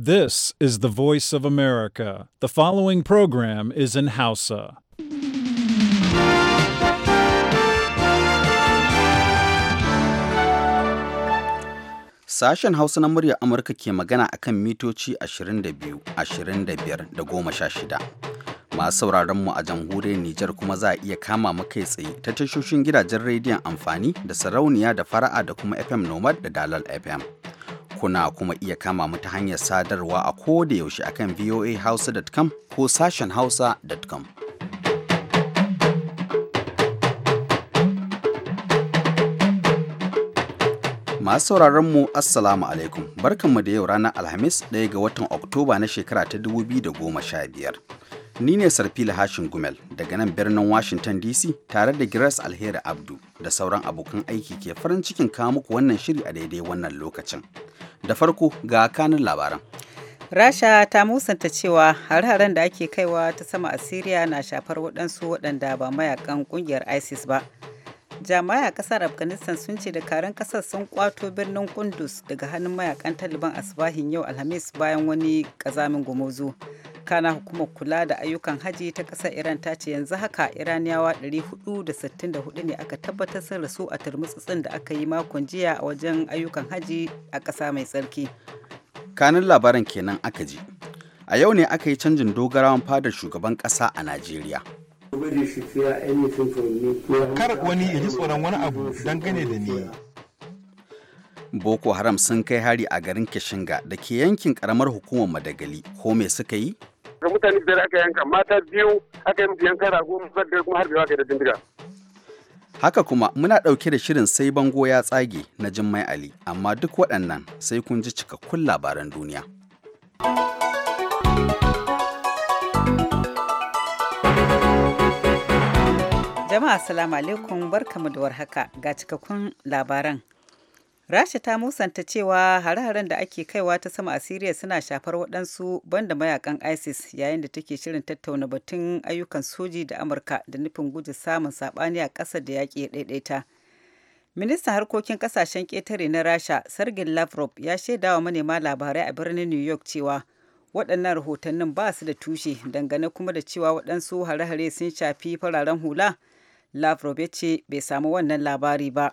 This is the voice of America. The following program is in Hausa. Sashen Hausa na murya Amurka ke magana a kan mitoci 22, 25 da 16. Masu sauraron mu a jamhuriyar Nijar kuma za a iya kama makai tsaye ta tashoshin gidajen rediyon amfani da sarauniya da fara'a da kuma FM Nomad da Dalal FM. kuna kuma iya kama mu ta hanyar sadarwa a ko da yaushe akan voahausa.com ko sashen hausa.com. Masu sauraron mu Assalamu alaikum, barkanmu da yau ranar Alhamis ɗaya ga watan Oktoba na shekara ta 2015. Ni ne sarfi Hashin Gumel daga nan birnin Washington DC tare da Giras Alheri Abdu da sauran abokan aiki ke farin cikin kawo muku wannan shiri a daidai wannan lokacin. Da farko ga kanin labaran. Rasha ta musanta cewa har-haren da ake kaiwa ta sama a Syria na shafar waɗansu waɗanda ba mayakan ƙungiyar ISIS ba. jami'a ƙasar Afghanistan sun ce dakarun ƙasar sun kwato birnin Kunduz daga hannun mayakan Taliban asibahin yau Alhamis bayan wani ƙazamin gumuzu. na hukumar kula da ayyukan haji ta kasa iran ta ce yanzu haka iraniyawa 464 ne aka tabbatar sun rasu a turmutsutsun da aka yi makon jiya a wajen ayyukan haji a ƙasa mai tsarki kanin labaran kenan aka ji a yau ne aka yi canjin dogarawan fadar shugaban ƙasa a najeriya kar wani ya ji tsoron wani abu dangane da ni Boko Haram sun kai hari a garin Kishinga da ke yankin karamar hukumar Madagali, ko me suka yi? ga mutane da aka yanka mata biyu aka yi yanka rago da kuma harbewa kai da bindiga haka kuma muna ɗauke da shirin sai bango ya tsage na jimmai ali amma duk waɗannan sai kun ji cikakkun labaran duniya jama'a salamu alaikum barkamu da warhaka ga cikakkun labaran rasha ta musanta cewa hare-haren da ake kaiwa ta sama a Syria suna shafar waɗansu banda mayakan isis yayin da take shirin tattauna batun ayyukan soji da amurka da nufin guji samun saɓani a ƙasar da yaƙi ɗaiɗaita ministan harkokin ƙasashen ƙetare na rasha sergin lavrov ya shaidawa manema labarai a birnin new york cewa waɗannan rahotannin ba su da tushe dangane kuma da cewa waɗansu hare-hare sun shafi fararen hula lavrov ya ce bai samu wannan labari ba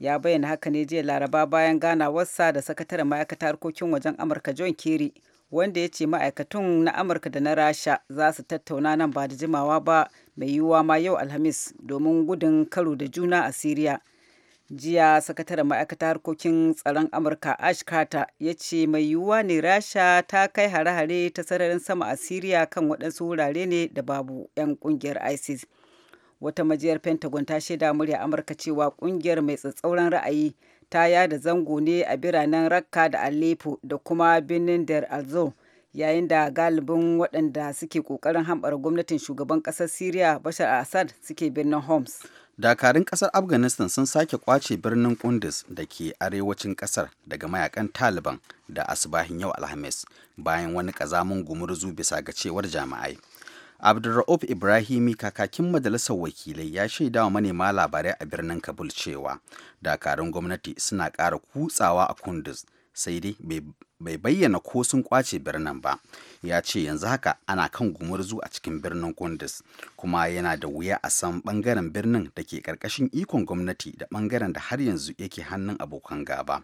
ya bayyana haka ne jiya laraba bayan ganawarsa da sakataren ma'aikatar harkokin wajen amurka john kerry wanda ya ce ma'aikatun na amurka da na rasha za su tattauna nan ba da jimawa ba mai yiwuwa ma yau alhamis domin gudun karo da juna a siriya jiya sakataren ma'aikatar harkokin tsaron amurka ash carter ya ce mai yiwuwa ne rasha ta kai hare-hare ta sararin sama a siriya kan waɗansu wurare ne da babu 'yan ƙungiyar isis wata majiyar pentagon ta shaida murya amurka cewa kungiyar mai tsatsauran ra'ayi ta yada zango ne a biranen rakka da aleppo da kuma birnin der alzo yayin da galibin waɗanda suke ƙoƙarin hambar gwamnatin shugaban ƙasar syria bashar assad suke birnin homs dakarun ƙasar afghanistan sun sake kwace birnin kundus da ke arewacin ƙasar daga mayakan taliban da asibahin yau alhamis bayan wani ƙazamin gumurzu bisa ga cewar jami'ai abdulra'uf ibrahimi kakakin majalisar wakilai ya shaida wa manema labarai a birnin kabul cewa dakarun gwamnati suna ƙara kutsawa a kunduz sai dai bai bayyana ko sun kwace birnin ba ya ce yanzu haka ana kan gumurzu a cikin birnin kundus kuma yana da wuya a san bangaren birnin da ke karkashin ikon gwamnati da bangaren da har yanzu yake hannun abokan gaba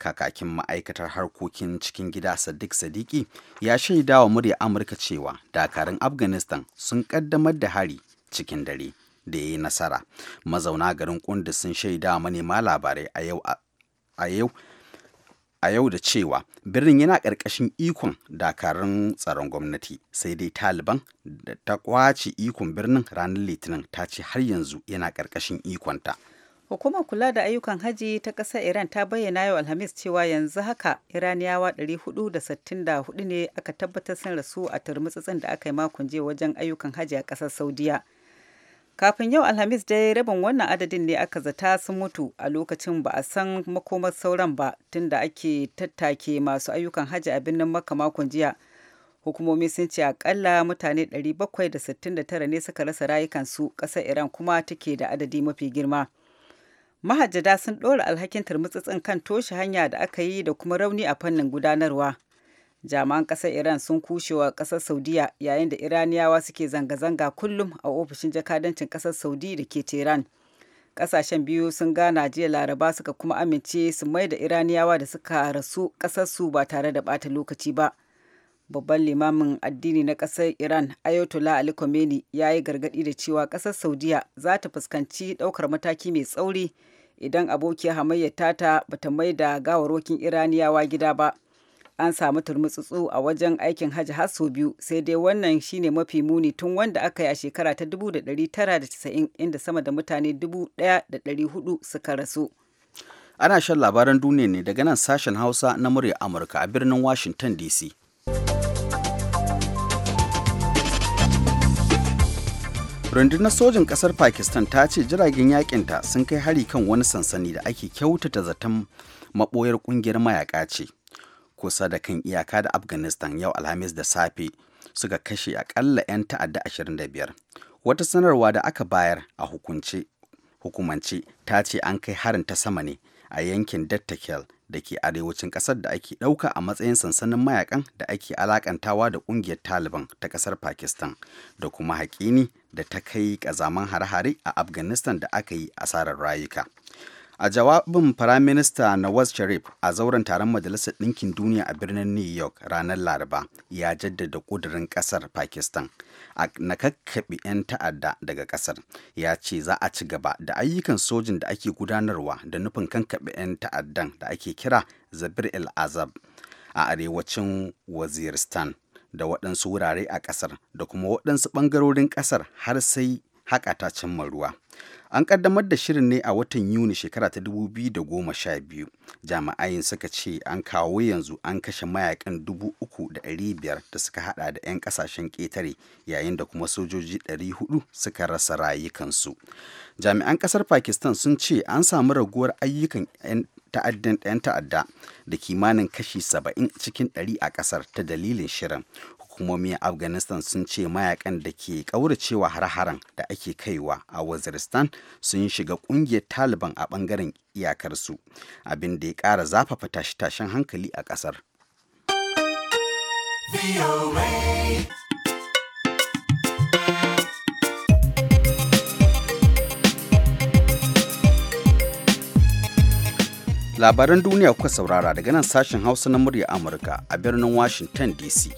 kakakin ma'aikatar harkokin cikin gida sadiq sadiki ya shaida wa murya amurka cewa dakarun afghanistan sun kaddamar da hari cikin dare da ya yi nasara mazauna garin kundus sun shaida manema labarai a yau a yau a yau da cewa birnin yana ƙarƙashin ikon dakarun tsaron gwamnati sai dai taliban da ta kwace ikon birnin ranar litinin ta ce har yanzu yana ƙarƙashin ikonta hukumar kula da ayyukan haji ta ƙasar iran ta bayyana yau alhamis cewa yanzu haka iraniyawa 464 ne aka tabbatar sun rasu a turmutsutsun da aka yi makon jiya wajen ayyukan haji a ƙasar saudiya kafin yau alhamis dai rabin wannan adadin ne aka zata sun mutu a lokacin ba a san makomar sauran ba tunda ake tattake masu ayyukan hajji a birnin makka makon jiya hukumomi sun ce akalla mutane 769 ne suka rasa rayukansu ƙasar iran kuma take da adadi mafi girma mahajjada sun ɗora alhakin turmutsutsun kan toshe hanya da aka yi da kuma rauni a fannin gudanarwa jami'an ƙasar iran sun kushewa ƙasar saudiya yayin da iraniyawa suke zanga-zanga kullum a ofishin jakadancin ƙasar saudi da ke tehran ƙasashen biyu sun gana jiya laraba suka kuma amince su mai da iraniyawa da suka rasu ƙasarsu ba tare da bata lokaci ba babban limamin addini na ƙasar iran ayatollah ali khomeini ya yi gargaɗi da cewa ƙasar saudiya za ta fuskanci ɗaukar mataki mai tsauri idan abokiyar hamayyar tata bata mai da gawarwakin iraniyawa gida ba an samu turmutsutsu a wajen aikin hajji har sau biyu sai dai wannan shine mafi muni tun wanda aka yi a shekara ta 1990 inda sama da mutane 1,400 suka rasu. Ana shan labaran duniya ne daga nan sashen Hausa na murya Amurka a birnin Washington DC. rundunar sojin ƙasar pakistan ta ce jiragen yakinta sun kai hari kan wani sansani da ake kyautata zaton maɓoyar ƙungiyar mayaka ce kusa da kan iyaka da afghanistan yau alhamis da safe suka kashe akalla 'yan ta'adda 25 wata sanarwa da aka bayar a hukumance ta ce an kai harin ta sama ne a yankin dattakel da ke arewacin kasar da ake ɗauka a matsayin sansanin mayakan da ake alakantawa da ƙungiyar taliban ta kasar pakistan da kuma haƙini da ta kai ƙazaman hare-hare a afghanistan da aka yi asarar rayuka A jawabin Firaminista Nawaz Sharif a zauren taron Majalisar Ɗinkin Duniya a birnin New York ranar Laraba ya jaddada ƙudurin ƙasar Pakistan a kakkaɓi 'yan ta'adda daga ƙasar. Ya ce za a ci gaba da ayyukan sojin da ake gudanarwa da nufin kankaɓe 'yan ta'addan da ake kira Zabir el Azab a arewacin Waziristan da waɗansu wurare a ƙasar da kuma waɗansu ɓangarorin ƙasar har sai haƙa ta ruwa. An kaddamar da shirin ne a watan Yuni shekara ta 2012. Jami'ai suka ce an kawo yanzu an kashe mayakan 3,500 da suka hada da 'yan kasashen ƙetare yayin da kuma sojoji 400 suka rasa rayukansu. Jami'an ƙasar Pakistan sun ce an samu raguwar ayyukan 'yan ta'addan 'yan ta'adda da kimanin kashi 70 cikin 100 a ƙasar ta dalilin shirin hukumomi a afghanistan sun ce mayakan da ke kauracewa har-haren da ake kaiwa a waziristan sun shiga kungiyar taliban a bangaren iyakarsu abin da ya kara zafafa tashe-tashen hankali a kasar. labaran duniya kuka saurara daga nan sashen hausa na murya amurka a birnin washington dc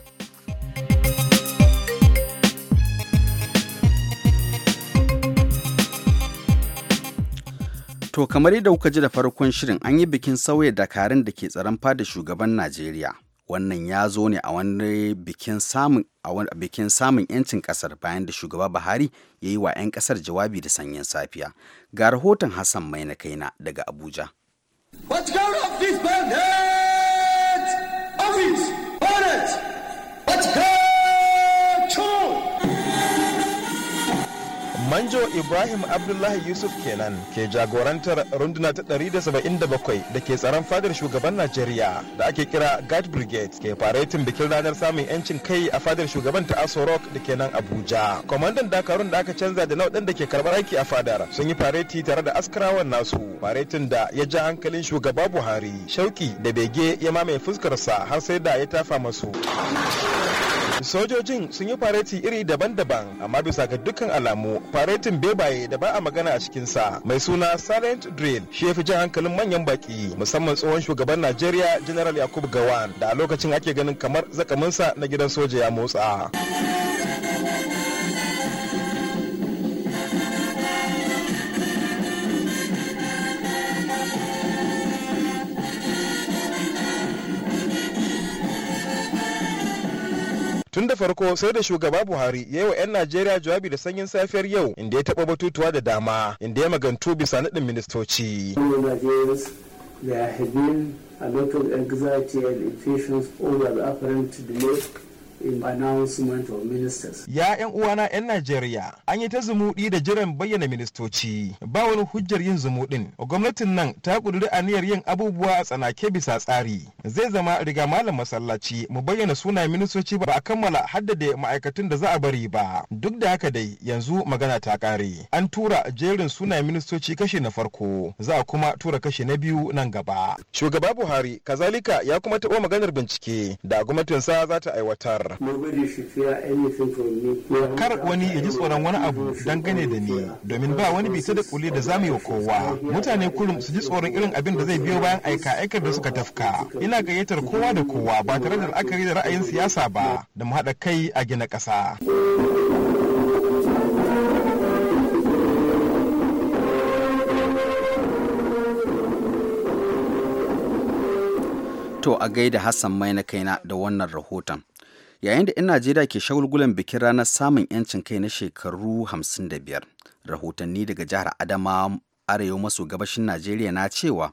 To kamar yadda kuka ji da farkon shirin an yi bikin sauya dakarun da ke tsaron fada shugaban Najeriya. Wannan ya zo ne a wani bikin samun 'yancin kasar bayan da shugaba Buhari ya yi wa 'yan kasar jawabi da sanyin safiya. Ga rahoton Hassan mai na kaina daga Abuja. manjo ibrahim abdullahi yusuf kenan ke jagorantar runduna ta 177 da ke tsaron fadar shugaban najeriya da ake kira guard brigade ke faretin bikin ranar samun yancin kai a fadar shugaban ta aso rock da ke nan abuja kwamandan dakarun da aka canza da nau'in da ke karbar aiki a fadar sun yi fareti tare da askarawan nasu faretin da ya ja hankalin shugaba buhari shauki da bege ya mamaye fuskarsa har sai da ya tafa masu Sojojin sun yi fareti iri daban-daban amma bisa ga dukkan alamu faretin bebaye da ba a magana a cikinsa mai suna silent drill shi ya fi jan hankalin manyan baki musamman tsohon shugaban Najeriya General Yakubu Gawan da a lokacin ake ganin kamar zakaminsa na gidan soja ya motsa. tun da farko sai da shugaba buhari ya yi wa 'yan najeriya jawabi da sanyin safiyar yau inda ya taɓa batutuwa da dama inda ya magantu bisa naɗin ministoci There have been a lot of anxiety and impatience over the apparent delay Ya 'yan uwana 'yan Najeriya, an yi ta zumuɗi da jiran bayyana ministoci. Ba wani hujjar yin zumuɗin. Gwamnatin nan ta ƙudiri aniyar yin abubuwa a tsanake bisa tsari. Zai zama riga malam masallaci mu bayyana suna ministoci ba a kammala haddade ma'aikatun da za a bari ba. Duk da haka dai yanzu magana ta ƙare. An tura jerin suna ministoci kashe na farko, za a kuma tura kashe na biyu nan gaba. Shugaba Buhari kazalika ya kuma taɓa maganar bincike da sa za ta aiwatar. kar wani ya ji tsoron wani abu dangane da ni domin ba wani bita da kuli da zamu yi wa kowa mutane kurum su ji tsoron irin abin da zai biyo bayan aika aikar da suka tafka ina gayyatar kowa da kowa ba tare da la'akari da ra'ayin siyasa ba da mu haɗa kai a gina ƙasa. To a gaida Hassan mai na kaina da wannan rahoton. yayin da 'yan najeriya ke shagulgulan bikin ranar samun 'yancin kai na shekaru 55 rahotanni daga jihar adama arewa maso gabashin najeriya na cewa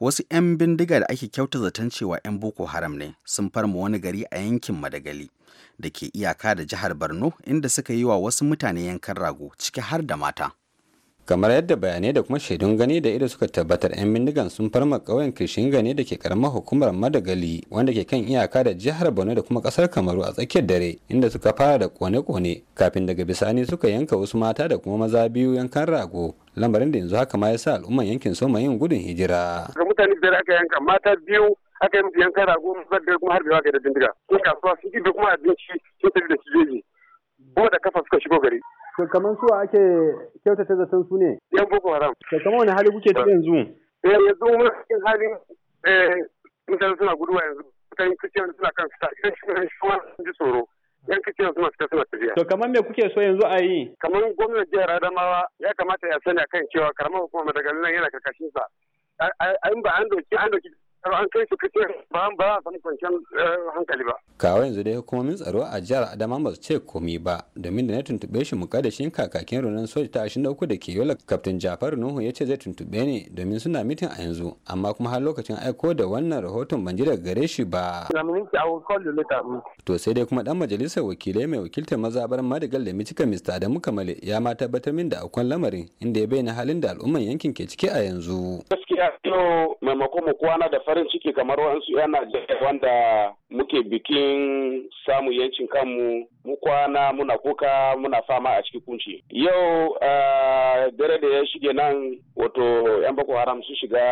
wasu 'yan bindiga da ake kyauta zaton cewa 'yan boko haram ne sun farma wani gari a yankin madagali da ke iyaka da jihar borno inda suka yi wa wasu mutane yankan rago ciki har da mata kamar yadda bayanai da kuma shaidun gani da ido suka tabbatar 'yan bindigan sun farma kauyen kishin gani da ke karamar hukumar madagali wanda ke kan iyaka da jihar borno da kuma kasar kamaru a tsakiyar dare inda suka fara da kone-kone kafin daga bisani suka yanka wasu mata da kuma maza biyu yankan rago lamarin da yanzu haka ma ya sa al'umman yankin soma yin gudun hijira. mutane biyar aka yanka mata biyu aka yi yankan rago da kuma harbewa kai da bindiga sun kasuwa sun kuma abinci sun tafi da su jeji bo da kafa suka shigo gari. To suwa su ake kyautata da su ne? Yan Boko Haram. To wani hali kuke ta yanzu? Eh, yanzu muna cikin halin eh, mutane suna guduwa yanzu. Mutane kuke suna kan fita. Yan cikin suna ma sun ji tsoro. Yan kuke suna fita suna tafiya. To kamar me kuke so yanzu a yi? Kamar gwamnan jihar Adamawa ya kamata ya sani akan cewa karamar hukumar Madagali nan yana karkashin sa. An ba an doki an doki an kai su kace ba ba eh, hankali ba. Kawai yanzu dai hukumomin tsaro a jihar Adama ba su ce komi ba domin da na tuntuɓe shi mukaddashin kakakin runan soja ta 23 da uku da ke yola kaftin Jafaru Nuhu ya ce zai tuntube ni domin suna mitin a yanzu amma kuma har lokacin aiko da wannan rahoton ban ji daga gare shi ba. Mm. To sai dai kuma dan majalisar wakilai mai wakiltar maza mazabar Madigal da micika Mr. Adamu Kamale ya ma tabbatar min da akwai lamarin inda ya bayyana halin da al'umman yankin ke ciki a yanzu. yau maimako mu kwana da farin ciki kamar wansu yan Najeriya wanda muke bikin samun yancin kanmu mu kwana muna kuka muna fama a cikin kunci. Yau ah, dare da ya shige nan wato yan bako haram su shiga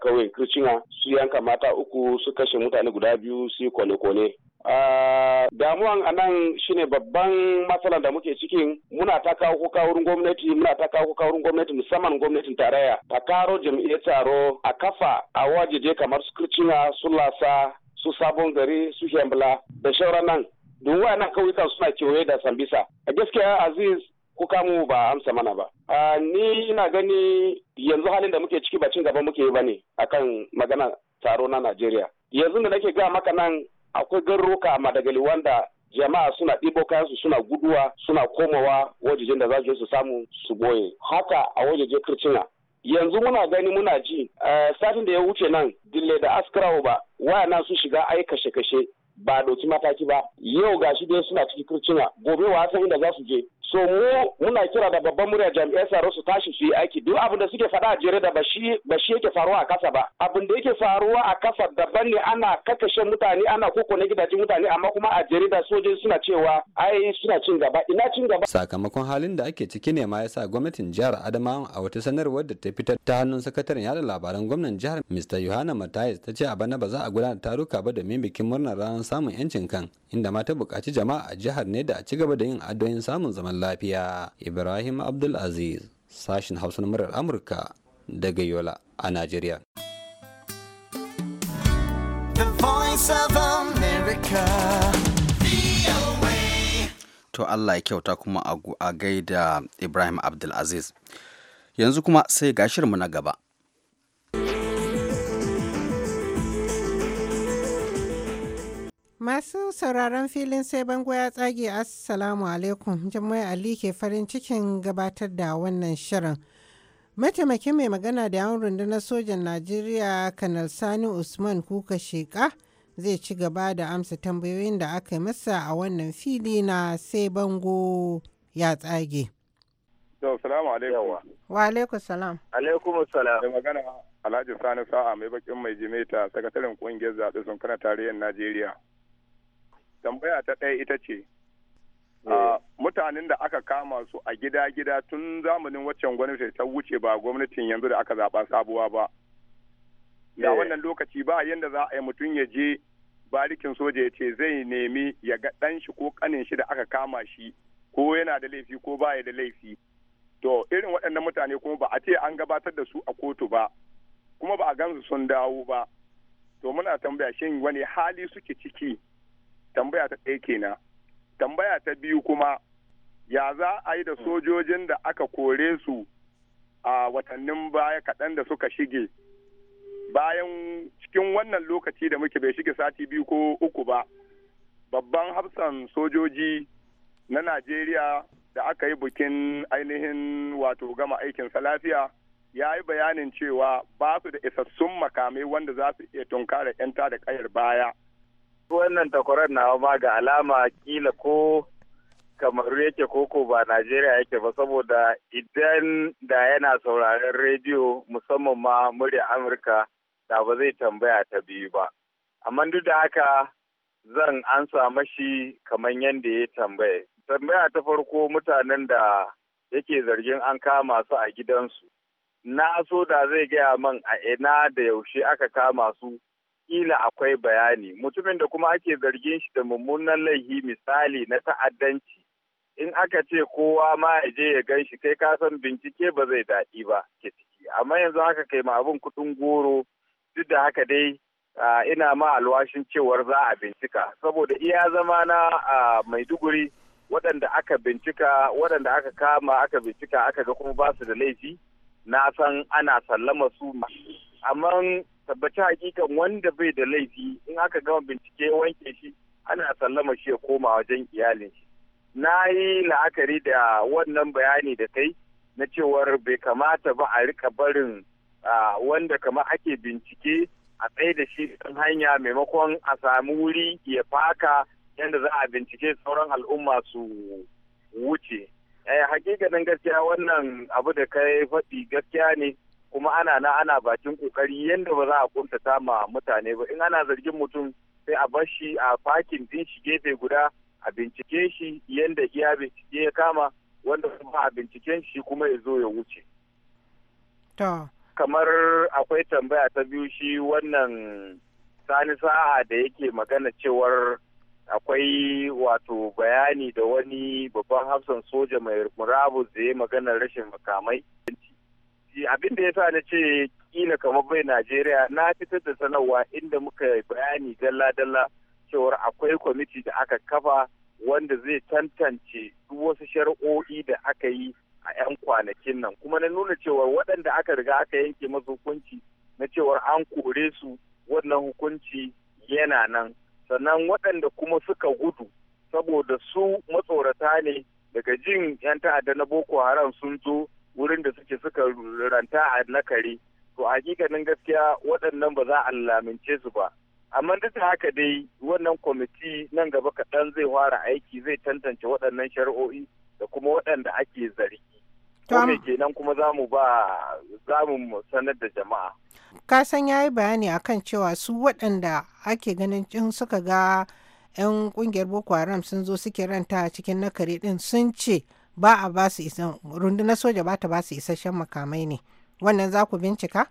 kauyen Kircina su yanka mata uku su kashe mutane guda biyu su kone-kone. Ah, damuwan a nan ne babban matsalan da muke cikin muna ta kawo kuka wurin gwamnati muna ta kawo kuka wurin gwamnati musamman gwamnatin tarayya ta karo jam'iyyar taro a kafa a wajeje kamar su kircina su lasa su sabon gari su hembla da shauran nan duk wayannan kauyukan suna kewaye da sambisa a gaskiya aziz kuka mu ba amsa mana ba a ah, ni ina gani yanzu halin da muke ciki ba cin gaba muke yi ba ne akan magana taro na najeriya yanzu da nake ga maka nan akwai garuruka a madagali wanda jama'a suna ɗibo kayansu suna guduwa suna komawa wajejen da za su samu su boye haka a wajejen kircina yanzu muna gani muna ji eh, satin da ya wuce nan dille da askarawa ba waya na sun shiga ai kashe-kashe ba doki mataki ba yau gashi dai suna cikin kircina gobe wa san inda za su je so mu muna kira da babban murya jami'an tsaro su tashi su yi aiki duk abin da suke faɗa a jere da ba shi yake faruwa a kasa ba abin da yake faruwa a kasa daban ne ana kakashe mutane ana koko na gidajen mutane amma kuma a jere da sojoji suna cewa ai suna cin gaba ina cin gaba sakamakon halin da ake ciki ne ma ya sa gwamnatin jihar Adamawa a wata sanarwar da ta fitar ta hannun sakataren yada labaran gwamnan jihar Mr. Yohana Matayes ta ce a bana ba za a gudanar taruka ba domin bikin murnar ranar samun yancin kan inda ma ta buƙaci jama'a a jihar ne da a ci gaba da yin addu'o'in samun zaman lafiya ibrahim abdul aziz sashin hausa na murar amurka daga yola a nigeria. to allah ya kyauta kuma a gaida ibrahim abdul abdulaziz yanzu kuma sai gashirmu na gaba Masu sauraron filin sai bango ya tsage Assalamu alaikum Jummai Ali ke farin cikin gabatar da wannan shirin. Mataimakin mai magana da yawon rundunar sojan Najeriya Kanal Sani Usman kuka sheka zai ci gaba da amsa tambayoyin da aka masa a wannan fili na sai bango ya tsage. Wa alaikum salam. Da magana Alhaji Sani Sa'a mai bakin mai jimeta sakataren kungiyar zaɓe sun kana tarayyar Najeriya. tambaya ta ɗaya ita ce eh. mutanen da aka kama su a gida-gida tun zamanin waccan gwamnati ta wuce ba gwamnatin yanzu da aka zaɓa sabuwa ba da eh. wannan lokaci ba yadda za a yi mutum ya je barikin soja ya ce zai nemi ya ga ɗan shi ko ƙanin shi da aka kama shi ko yana da laifi ko baya da laifi to irin waɗannan mutane kuma ba a ce an gabatar da su a kotu ba kuma ba a gansu sun dawo ba to muna tambaya shin wani hali suke ciki tambaya ta ɗaya kenan tambaya ta biyu kuma ya za a yi da hmm. sojojin da aka kore su a watannin baya kaɗan da suka shige bayan cikin wannan lokaci da muke bai shige sati biyu ko uku ba babban hafsan sojoji na najeriya da aka yi bikin ainihin wato gama aikinsa lafiya ya yi bayanin cewa ba su da isassun makamai wanda za su iya tunkara 'yanta da kayar baya wannan takwarar na ma ga alama kila ko kamaru yake koko ba Najeriya yake ba saboda idan da yana sauraren rediyo musamman ma murya Amurka da ba zai tambaya ta biyu ba. Amma duk da haka zan ansa mashi kamar yadda ya tambaya. Tambaya ta farko mutanen da yake zargin an kama su a gidansu. Na so da zai gaya man a ina da yaushe aka kama su kila akwai bayani mutumin da kuma ake zargin shi da mummunan laihi misali na ta'addanci in aka ce kowa ma ya je ya gan shi kai ka san bincike ba zai daɗi ba ke ciki amma yanzu haka kai ma abin kuɗin goro duk da haka dai ina ma alwashin cewar za a bincika saboda iya zama na maiduguri waɗanda aka bincika waɗanda aka kama aka bincika aka ga kuma ba su da laifi na san ana sallama su amma tabbaci hakikan wanda bai da laifi in aka gama bincike wanke shi ana sallama shi ya koma wajen iyalin shi na yi la'akari da wannan bayani da kai na cewar bai kamata ba a rika barin wanda kama ake bincike a tsaye da shi kan hanya maimakon a sami wuri ya faka yadda za a bincike sauran al'umma su wuce. Eh, hakikanin gaskiya wannan abu da kai faɗi gaskiya ne kuma ana na ana bakin kokari yadda ba za a kunta ma mutane ba in ana zargin mutum sai a bar shi a fakin din shi gefe guda a bincike shi yadda iya bincike ya kama wanda kuma a binciken shi kuma ya zo ya wuce. Kamar akwai tambaya ta biyu shi wannan sani sa'a da yake magana cewar akwai wato bayani da wani babban hafsan soja mai murabus da ya magana rashin makamai. ji abin da ya sa na ce kila kamar bai Najeriya na fitar da sanarwa inda muka bayani dalla-dalla cewar akwai kwamiti da aka kafa wanda zai tantance duk wasu shari'o'i da aka yi a 'yan kwanakin nan kuma na nuna cewar waɗanda aka riga aka yanke masu hukunci na cewar an kore su wannan hukunci yana nan sannan waɗanda kuma suka gudu saboda su matsorata ne daga jin 'yan ta'adda na boko haram sun zo wurin da suke suka ranta a nakari to a hakikanin gaskiya waɗannan ba za a lamince su ba amma duk haka dai wannan kwamiti nan gaba kaɗan zai fara aiki zai tantance waɗannan shari'o'i da kuma waɗanda ake zargi ko me kenan kuma za mu ba za mu sanar da jama'a ka san yayi bayani akan cewa su waɗanda ake ganin in suka ga 'yan kungiyar boko haram sun zo suke ranta a cikin nakare ɗin sun ce ba a ba su isan rundunar soja ba ta ba su isasshen makamai ne wannan za ku bincika?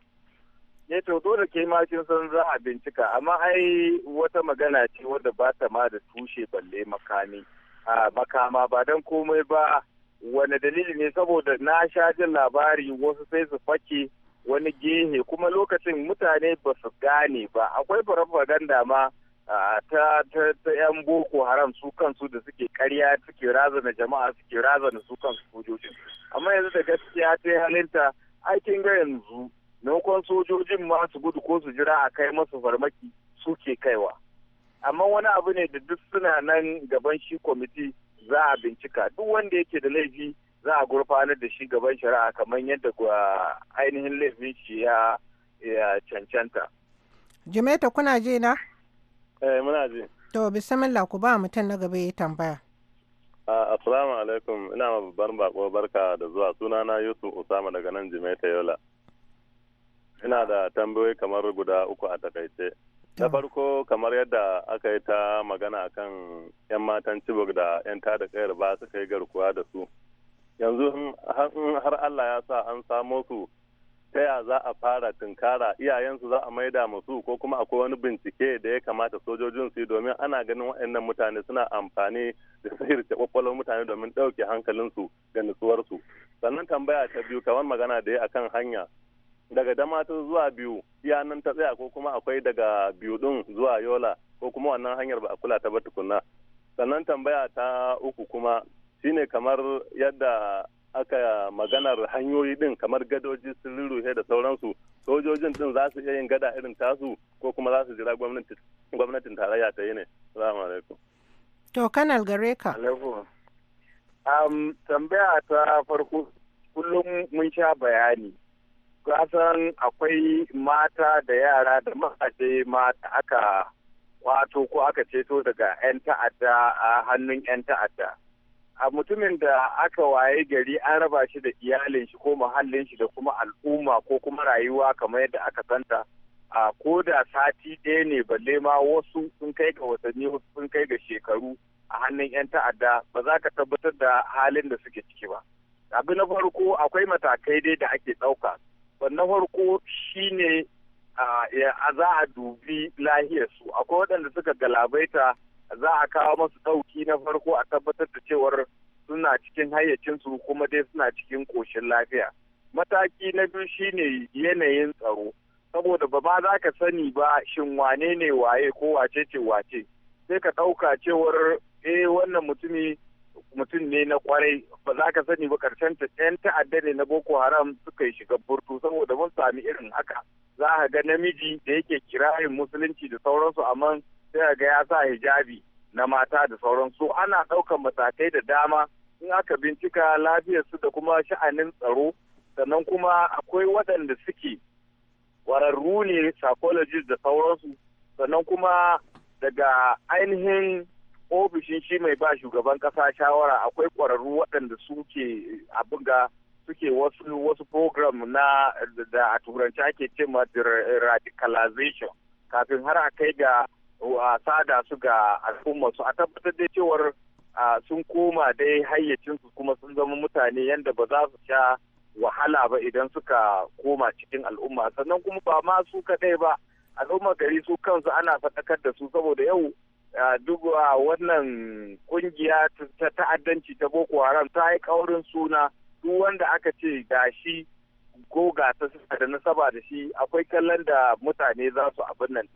ne eh to dole ke ma kin san za a bincika amma ai wata magana ce wadda ba ta ma da tushe balle makami a makama ba dan komai ba wani dalili ne saboda na sha jin labari wasu sai su fake wani gehe kuma lokacin mutane ba su gane ba akwai farfaganda ma ta ta yan boko haram su kansu da suke karya suke razana jama'a suke razana su kansu sojojin amma yanzu da gaskiya ta yi halinta aikin ga yanzu nokon sojojin ma su gudu ko su jira a kai masu farmaki suke kaiwa amma wani abu ne da duk suna nan gaban shi kwamiti za a bincika duk wanda yake da laifi za a gurfanar da shi gaban shari'a kamar yadda ainihin laifin shi ya cancanta. Jimeta kuna je na? Eh muna ji. To bisamillah ku ba mutum na gaba ya tambaya. Ah, assalamu alaikum ina ma babban bako barka da zuwa sunana Yusuf Usama daga nan Jimaita Yola. Ina da tambayoyi kamar guda uku a takaice. na farko kamar yadda aka yi ta magana akan 'yan matan cibok da 'yan da kayar ba suka yi garkuwa da su. Yanzu har Allah ya sa an samo su ta ya za a fara tunkara iyayensu za a maida musu ko kuma akwai wani bincike da ya kamata sojojin su yi domin ana ganin waɗannan mutane suna amfani da ta kwakwalwar mutane domin ɗauke hankalinsu da nutsuwarsu sannan tambaya ta biyu kamar magana da ya akan hanya daga damatar zuwa biyu iya nan ta tsaya ko kuma akwai daga biyu ɗin zuwa yola ko kuma wannan hanyar ba a kula ta ba tukunna sannan tambaya ta uku kuma shine kamar yadda aka maganar hanyoyi din kamar gadoji sun da sauransu sojojin din za su iya yin gada irin tasu ko kuma za su jira gwamnatin tarayya ta yi ne salamu alaikum to kanal gare ka tambaya ta farko kullum mun sha bayani kasan akwai mata da yara da mahaje mata aka wato ko aka ceto daga 'yan ta'adda a hannun 'yan ta'adda a mutumin da aka waye gari an raba shi da iyalin shi ko muhallin shi da kuma al'umma ko kuma rayuwa kamar yadda aka santa a ko da sati ɗaya ne balle ma wasu sun kai ga watanni wasu sun kai ga shekaru a hannun 'yan ta'adda ba za ka tabbatar da halin da suke ciki ba abu na farko akwai matakai dai da ake ɗauka na farko shine a za a dubi lahiyarsu akwai waɗanda suka galabaita za a kawo masu ɗauki na farko a tabbatar da cewar suna cikin hayyacinsu kuma dai suna cikin ƙoshin lafiya mataki na biyu shine yanayin tsaro saboda ba ma za ka sani ba shin wane ne waye ko wace ce wace sai ka ɗauka cewar eh wannan mutumi mutum ne na kwarai ba za ka sani ba karshen ta yan ta'adda ne na boko haram suka yi shiga burtu saboda mun sami irin haka za ka ga namiji da yake kirayin musulunci da sauransu amma sai ga ya sa hijabi na mata da sauran su ana ɗaukan matakai da dama in aka bincika lafiyarsu da kuma sha'anin tsaro sannan kuma akwai waɗanda suke wararru ne psychologist da sauransu sannan kuma daga ainihin ofishin shi mai ba shugaban ƙasa shawara akwai kwararru waɗanda suke abin ga suke wasu wasu program na da a turanci ake ce radicalization kafin har a kai ga sada su ga al'umma su a tabbatar da cewar sun koma dai hayyacinsu kuma sun zama mutane yadda ba za su sha wahala ba idan suka koma cikin al'umma sannan kuma ba ma su kadai ba al'umma gari su kansu ana faɗakar da su saboda yau duk wannan kungiya ta ta'addanci ta boko haram ta yi ƙaurin suna duk wanda aka ce shi ko ga ta da nasaba da shi akwai kallon da mutane za su abin nan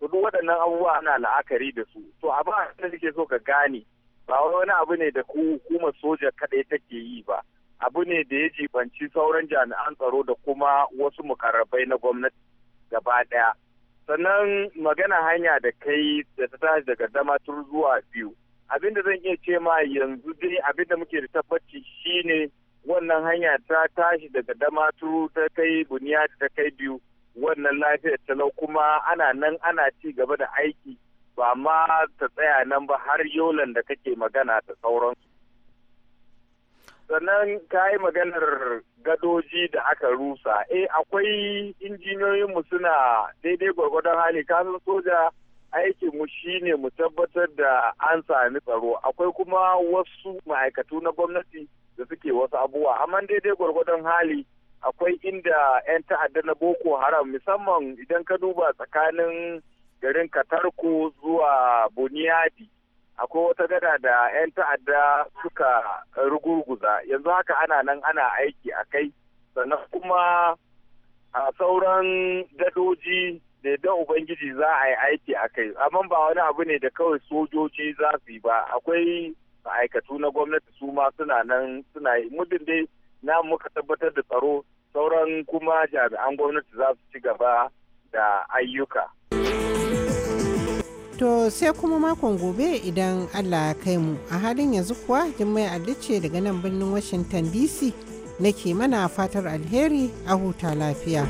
to duk waɗannan abubuwa ana la'akari da su to abin da nake so ka gane ba wani abu ne da hukumar soja kaɗai take yi ba abu ne da ya jibanci sauran jami'an tsaro da kuma wasu mukarrabai na gwamnati gaba ɗaya sannan magana hanya da kai da ta tashi daga damatur zuwa biyu abin da zan iya ce ma yanzu dai abin da muke da tabbaci shine wannan hanya ta tashi daga damaturu ta kai buniya ta kai biyu wannan lafiyar talau kuma ana nan ana ci gaba da aiki ba ma ta tsaya nan ba har yolan da kake magana da sauransu. Sannan ka yi maganar gadoji da aka rusa, eh akwai injiniyoyinmu suna daidai gwargwadon hali kasan soja mu shine mu tabbatar da an sami tsaro akwai kuma wasu ma'aikatu na gwamnati da suke wasu abubuwa amma daidai gwargwadon hali akwai inda 'yan ta'adda na boko haram musamman idan ka duba tsakanin garin katarko zuwa buniyadi akwai wata gada da 'yan ta'adda suka rugurguza yanzu haka ana nan ana aiki a kai sannan kuma a sauran gadoji da da ubangiji za a yi aiki a kai amma ba wani abu ne da kawai sojoji za su yi ba akwai ma'aikatu na gwamnati su ma suna nan suna yi muddin dai na muka tabbatar da tsaro sauran kuma jami'an gwamnati za su ci gaba da ayyuka. To sai kuma makon gobe idan Allah ya kai mu a halin yanzu kuwa Jummai Alice daga nan birnin Washington DC nake mana fatar alheri a huta lafiya.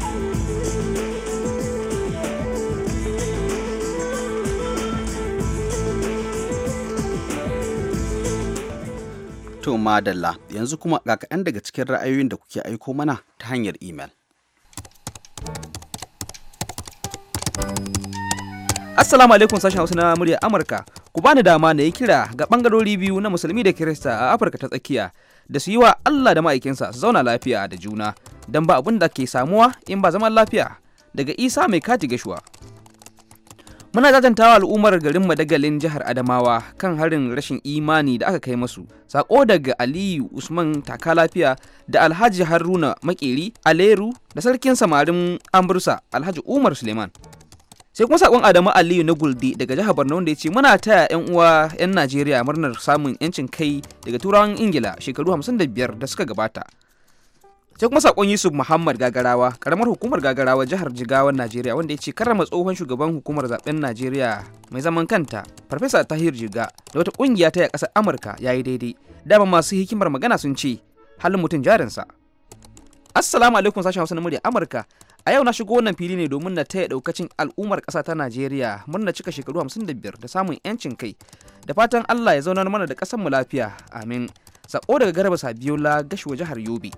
To madalla yanzu kuma ga kaɗan daga cikin ra'ayoyin da kuke aiko mana ta hanyar imel. Assalamu alaikum sashen Hausa na murya Amurka. Ku bani dama na yi kira ga ɓangarori biyu na musulmi da Kirista a Afirka ta tsakiya da su yi wa Allah da ma'aikinsa su zauna lafiya da juna don ba abin da ke samuwa in ba zaman lafiya daga Isa mai kati gashuwa. muna jajantawa al'ummar garin madagalin jihar adamawa kan harin rashin imani da aka kai masu sako daga aliyu usman taka lafiya da alhaji haruna makeri aleru da sarkin samarin amursa alhaji umar suleiman sai kuma sakon adamu aliyu na guldi daga jihar borno wanda ya ce muna taya yan uwa yan najeriya murnar samun yancin kai daga turawan ingila shekaru hamsin da biyar da suka gabata sai kuma sakon yusuf muhammad gagarawa karamar hukumar gagarawa jihar jigawan najeriya wanda ya ce karrama tsohon shugaban hukumar zaben najeriya mai zaman kanta farfesa tahir jiga da wata kungiya ta kasar amurka ya yi daidai dama masu hikimar magana sun ce halin mutum jarinsa assalamu alaikum sashen hausa na murya amurka a yau na shigo wannan fili ne domin na taya daukacin al'ummar ƙasa ta najeriya murna cika shekaru 55 da samun yancin kai da fatan allah ya zaunar mana da ƙasar mu lafiya amin sako daga garba sabiola gashuwa jihar yobe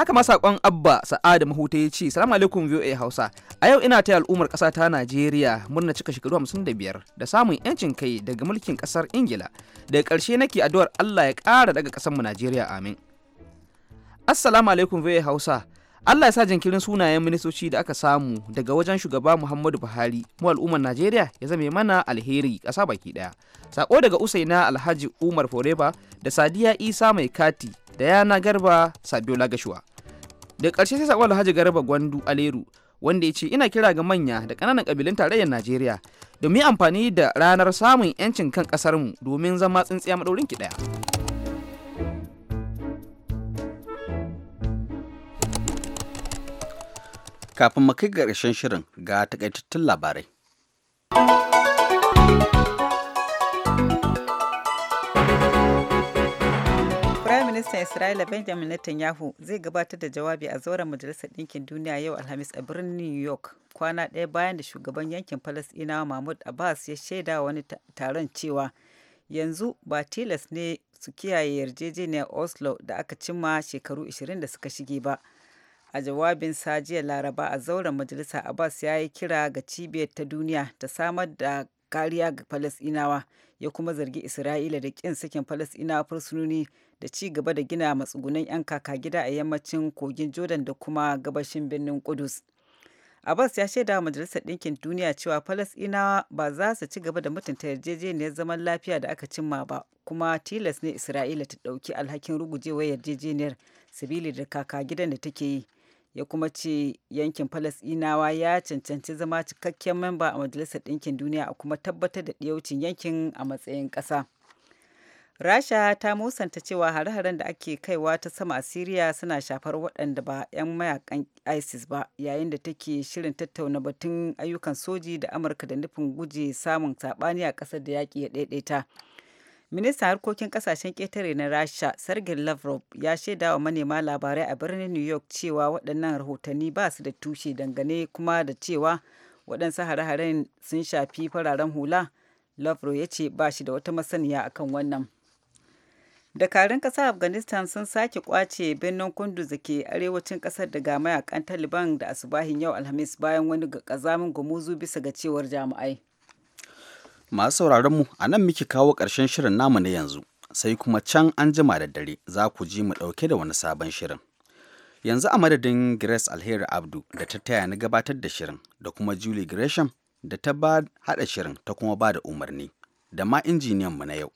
haka ma sakon abba sa'ada mahuta ya ce salamu alaikum voa hausa a yau ina ta taya al'ummar ƙasa ta najeriya murna cika shekaru hamsin da da samun yancin kai daga mulkin ƙasar ingila daga ƙarshe nake addu'ar allah ya ƙara daga ƙasar mu najeriya amin assalamu alaikum voa hausa allah ya sa jinkirin sunayen ministoci da aka samu daga wajen shugaba muhammadu buhari mu al'ummar najeriya ya zame mana alheri ƙasa baki ɗaya sako daga usaina alhaji umar foreba da sadiya isa mai kati da yana garba sabiola gashuwa da ƙarshe sai sakon alhaji garba gwandu aleru wanda ya ce ina kira ga manya da ƙananan kabilun tarayyar najeriya domin amfani da ranar samun 'yancin kan ƙasarmu domin zama tsintsiya maɗaurin ki ɗaya kafin mu kai ga ƙarshen shirin ga takaitattun labarai ministan Isra'ila Benjamin Netanyahu zai gabatar da jawabi a zauren Majalisar Ɗinkin Duniya yau Alhamis a birnin New York kwana ɗaya bayan da shugaban yankin Falasɗinawa Mahmud Abbas ya shaida wani taron cewa yanzu ba tilas ne su kiyaye yarjejeniyar Oslo da aka cimma shekaru 20 da suka shige ba. A jawabin jiya Laraba a zauren majalisa Abbas ya yi kira ga cibiyar ta duniya ta samar da kariya ga Falasɗinawa ya kuma zargi Isra'ila da ƙin sakin Falasɗinawa fursunoni da ci gaba da gina matsugunan 'yan kaka gida a yammacin kogin jordan da kuma gabashin birnin kudus abbas ya shaida wa majalisar ɗinkin duniya cewa falasɗinawa ba za su ci gaba da mutunta yarjejeniyar zaman lafiya da aka cimma ba kuma tilas ne isra'ila ta ɗauki alhakin rugujewar yarjejeniyar sabili da kaka gidan da take yi ya kuma ce yankin falasɗinawa ya cancanci zama cikakken memba a majalisar ɗinkin duniya a kuma tabbatar da ɗiyaucin yankin a matsayin ƙasa. rasha ta musanta cewa hare-haren da ake kaiwa ta sama a siriya suna shafar waɗanda ba 'yan mayakan isis ba yayin da take shirin tattauna batun ayyukan soji da amurka da nufin guje samun saɓani a ƙasar da yaƙi ya ɗaiɗaita ministan harkokin ƙasashen ƙetare na rasha sergei lavrov ya shaida wa manema labarai a birnin new york cewa waɗannan rahotanni ba su da tushe dangane kuma da cewa waɗansu hare-haren sun shafi fararen hula lavrov ya ce ba shi da wata masaniya akan wannan dakarun ƙasar afghanistan sun sake kwace birnin kundu da ke arewacin ƙasar daga mayakan taliban da asubahin yau alhamis bayan wani kazamin gumuzu bisa ga cewar jami'ai masu sauraron mu a nan muke kawo ƙarshen shirin namu na yanzu sai kuma can an jima da dare za ku ji mu ɗauke da wani sabon shirin yanzu a madadin grace alheri abdu da ta taya na gabatar da shirin da kuma julie gresham da ta ba haɗa shirin ta kuma ba da umarni da ma injiniyan mu na yau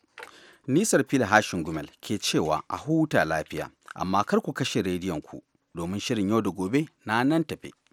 Nisar fili hashin gumel ke cewa a huta lafiya, amma kar ku kashe rediyon ku domin shirin yau da gobe na nan tafe.